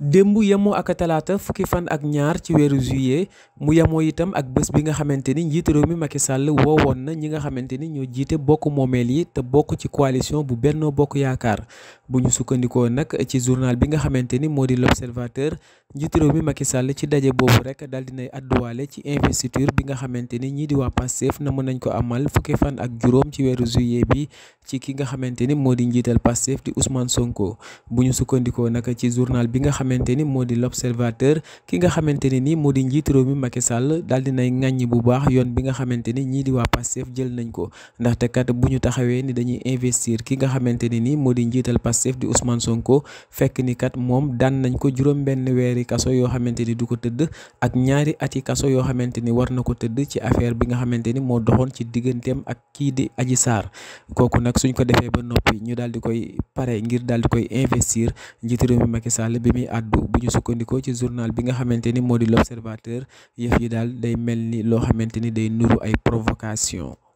dembu yamo ak talata fukki fan ak ñaar ci wéru juillet mu yamo itam ak bëss bi nga xamanteni njiitu réew mi Macky Sall wowoon na ñi nga xamanteni ñoo jité bokk momel yi te bokk ci coalition bu benno bokk yaakar bu ñu sukkandikoo nag ci journal bi nga xamanteni modi l'observateur njiitu réew mi Macky Sall ci dajé bobu rek dal ay adduwaale ci investiture bi nga xamanteni ñi di waa Pastef na mën nañ ko amal fukki fan ak juroom ci wéru juillet bi ci ki nga xamanteni modi di njiital Pastef di Ousmane Sonko bu ñu sukkandikoo nag ci journal bi nga xamante ni moo di l'observateur ki nga xamante ne ni moo di njiitu réew mi Macky Sall daal dinay ŋàññ bu baax yoon bi nga xamante ni ñii di waa Pastef jël nañ ko ndaxte kat bu ñu ni dañuy investir ki nga xamante ne ni moo di njiital Pastef di Ousmane Sonko fekk ni kat moom daan nañ ko juróom benn weeri kaso yoo xamante ni du ko tëdd ak ñaari ati kaso yoo xamante war na ko tëdd ci affaire bi nga xamante ni moo ci digganteem ak kii di Adji Sarr kooku nag suñ ko defee ba noppi ñu daal di koy pare ngir daal di koy investir njiitu réew mi Macky Sall bi muy addu bu ñu sukkandikoo ci journal bi nga xamante ni moo di l'observateur yëf yi daal day mel ni loo xamante ni day nuru ay provocation